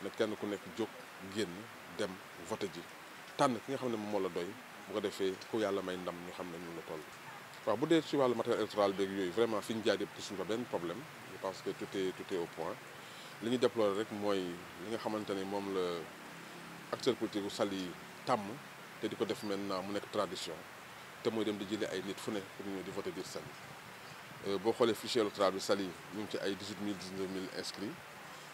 na kenn ku nekk jóg génn dem voté ji tànn ki nga xam ne moom moo la doy bu ko defee ku yàlla may ndam ñu xam ne ñu la toll. waaw bu dee ci wàllu matériel électoral beeg yooyu vraiment fi ñu jaay yëpp suñu fa benn problème je pense que tout est tout est au point li ñu déploré rek mooy li nga xamante ne moom la acteur politique sali Saly tàmm te di ko def maintenant mu nekk tradition te mooy dem di jëlee ay nit fu ne pour ñu di voter biir sali euh, boo xoolee fichier électoral bi sali ñu ngi ci ay 18000 19000 inscrits.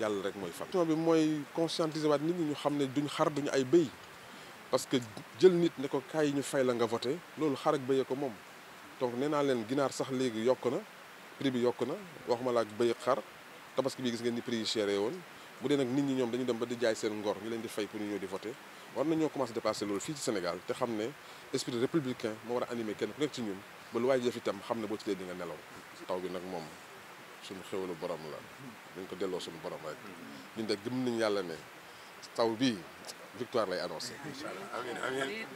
yàlla rek mooy fal. bi mooy conscientiser waat nit ñi ñu xam ne duñ xar duñu ay béy parce que jël nit ne ko kaay ñu fay la nga voté loolu xar ak béyee ko moom donc nee naa leen ginaar sax léegi yokk na prix bi yokk na wax ma la ak béy ak xar tabaski bi gis ngeen ni prix yi chéré woon bu dee nag nit ñi ñoom dañu dem ba di jaay seen ngor ñu leen di fay pour ñu ñëw di voté war na ñoo commencé dépasser loolu fii ci Sénégal te xam ne esprit républicain moo a animé kenn ci ñun ba lu waay jëf itam boo ci dee di nga nelaw taw bi nag moom suñu lu borom la dañ ko delloo suñu borom rek ñun de gëm nañ yàlla ne taw bi victoire lay annoncé. incha allah amiin amiin